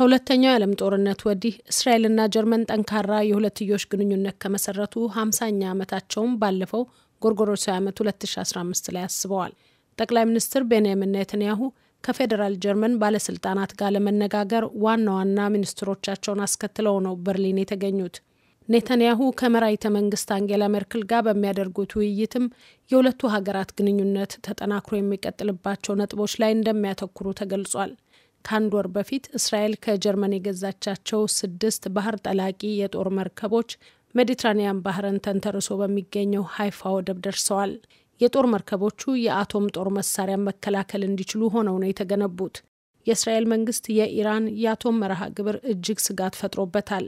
ከሁለተኛው የዓለም ጦርነት ወዲህ እስራኤልና ጀርመን ጠንካራ የሁለትዮሽ ግንኙነት ከመሰረቱ 50ኛ ዓመታቸውን ባለፈው ጎርጎሮሳዊ ዓመት 2015 ላይ አስበዋል። ጠቅላይ ሚኒስትር ቤንያሚን ኔተንያሁ ከፌዴራል ጀርመን ባለስልጣናት ጋር ለመነጋገር ዋና ዋና ሚኒስትሮቻቸውን አስከትለው ነው በርሊን የተገኙት። ኔታንያሁ ከመራይተ መንግስት አንጌላ ሜርክል ጋር በሚያደርጉት ውይይትም የሁለቱ ሀገራት ግንኙነት ተጠናክሮ የሚቀጥልባቸው ነጥቦች ላይ እንደሚያተኩሩ ተገልጿል። ከአንድ ወር በፊት እስራኤል ከጀርመን የገዛቻቸው ስድስት ባህር ጠላቂ የጦር መርከቦች ሜዲትራኒያን ባህርን ተንተርሶ በሚገኘው ሀይፋ ወደብ ደርሰዋል። የጦር መርከቦቹ የአቶም ጦር መሳሪያ መከላከል እንዲችሉ ሆነው ነው የተገነቡት። የእስራኤል መንግስት የኢራን የአቶም መርሃ ግብር እጅግ ስጋት ፈጥሮበታል።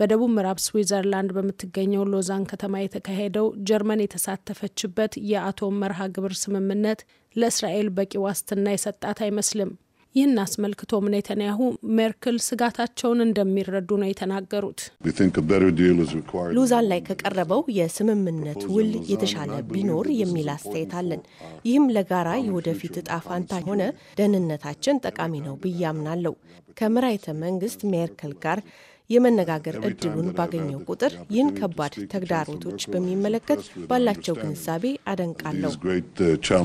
በደቡብ ምዕራብ ስዊዘርላንድ በምትገኘው ሎዛን ከተማ የተካሄደው ጀርመን የተሳተፈችበት የአቶም መርሃ ግብር ስምምነት ለእስራኤል በቂ ዋስትና የሰጣት አይመስልም። ይህን አስመልክቶም ኔተንያሁ ሜርክል ስጋታቸውን እንደሚረዱ ነው የተናገሩት። ሉዛን ላይ ከቀረበው የስምምነት ውል የተሻለ ቢኖር የሚል አስተያየት አለን። ይህም ለጋራ የወደፊት እጣ ፋንታ ሆነ ደህንነታችን ጠቃሚ ነው ብዬ አምናለሁ። ከመራሒተ መንግስት ሜርክል ጋር የመነጋገር እድሉን ባገኘው ቁጥር ይህን ከባድ ተግዳሮቶች በሚመለከት ባላቸው ግንዛቤ አደንቃለሁ። uh,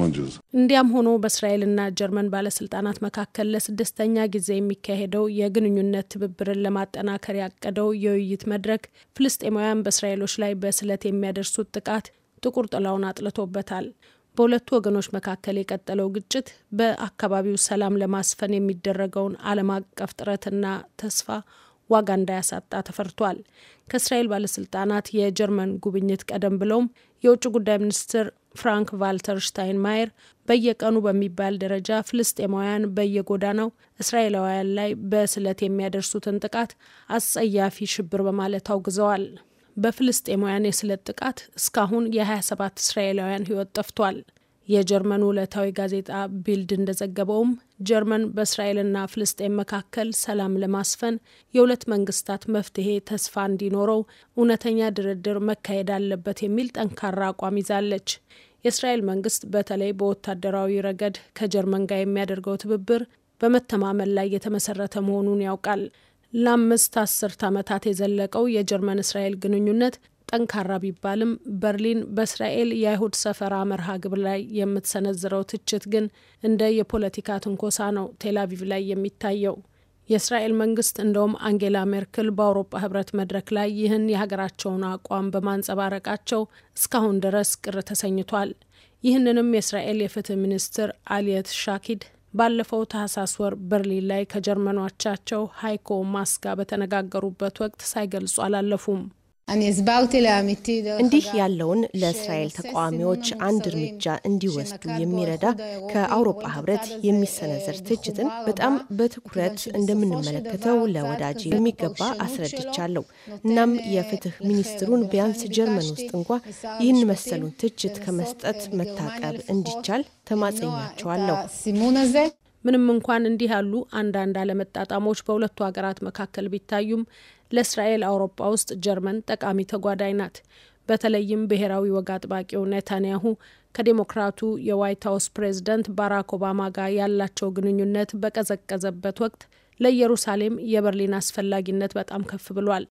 እንዲያም ሆኖ በእስራኤልና ጀርመን ባለስልጣናት መካከል ለስድስተኛ ጊዜ የሚካሄደው የግንኙነት ትብብርን ለማጠናከር ያቀደው የውይይት መድረክ ፍልስጤማውያን በእስራኤሎች ላይ በስለት የሚያደርሱት ጥቃት ጥቁር ጥላውን አጥልቶበታል። በሁለቱ ወገኖች መካከል የቀጠለው ግጭት በአካባቢው ሰላም ለማስፈን የሚደረገውን ዓለም አቀፍ ጥረትና ተስፋ ዋጋ እንዳያሳጣ ተፈርቷል። ከእስራኤል ባለስልጣናት የጀርመን ጉብኝት ቀደም ብለውም የውጭ ጉዳይ ሚኒስትር ፍራንክ ቫልተር ሽታይንማየር በየቀኑ በሚባል ደረጃ ፍልስጤማውያን በየጎዳናው እስራኤላውያን ላይ በስለት የሚያደርሱትን ጥቃት አጸያፊ ሽብር በማለት አውግዘዋል። በፍልስጤማውያን የስለት ጥቃት እስካሁን የ27 እስራኤላውያን ህይወት ጠፍቷል። የጀርመን ዕለታዊ ጋዜጣ ቢልድ እንደዘገበውም ጀርመን በእስራኤልና ፍልስጤን መካከል ሰላም ለማስፈን የሁለት መንግስታት መፍትሄ ተስፋ እንዲኖረው እውነተኛ ድርድር መካሄድ አለበት የሚል ጠንካራ አቋም ይዛለች። የእስራኤል መንግስት በተለይ በወታደራዊ ረገድ ከጀርመን ጋር የሚያደርገው ትብብር በመተማመን ላይ የተመሰረተ መሆኑን ያውቃል። ለአምስት አስርት ዓመታት የዘለቀው የጀርመን እስራኤል ግንኙነት ጠንካራ ቢባልም በርሊን በእስራኤል የአይሁድ ሰፈራ መርሃ ግብር ላይ የምትሰነዝረው ትችት ግን እንደ የፖለቲካ ትንኮሳ ነው ቴላቪቭ ላይ የሚታየው። የእስራኤል መንግስት እንደውም አንጌላ ሜርክል በአውሮፓ ህብረት መድረክ ላይ ይህን የሀገራቸውን አቋም በማንጸባረቃቸው እስካሁን ድረስ ቅር ተሰኝቷል። ይህንንም የእስራኤል የፍትህ ሚኒስትር አሊየት ሻኪድ ባለፈው ታህሳስ ወር በርሊን ላይ ከጀርመኗቻቸው ሃይኮ ማስ ጋር በተነጋገሩበት ወቅት ሳይገልጹ አላለፉም። እንዲህ ያለውን ለእስራኤል ተቃዋሚዎች አንድ እርምጃ እንዲወስዱ የሚረዳ ከአውሮፓ ህብረት የሚሰነዘር ትችትን በጣም በትኩረት እንደምንመለከተው ለወዳጅ የሚገባ አስረድቻለሁ። እናም የፍትህ ሚኒስትሩን ቢያንስ ጀርመን ውስጥ እንኳ ይህን መሰሉን ትችት ከመስጠት መታቀብ እንዲቻል ተማጽኛቸዋለሁ። ምንም እንኳን እንዲህ ያሉ አንዳንድ አለመጣጣሞች በሁለቱ ሀገራት መካከል ቢታዩም ለእስራኤል አውሮፓ ውስጥ ጀርመን ጠቃሚ ተጓዳኝ ናት። በተለይም ብሔራዊ ወግ አጥባቂው ኔታንያሁ ከዴሞክራቱ የዋይት ሀውስ ፕሬዝደንት ባራክ ኦባማ ጋር ያላቸው ግንኙነት በቀዘቀዘበት ወቅት ለኢየሩሳሌም የበርሊን አስፈላጊነት በጣም ከፍ ብሏል።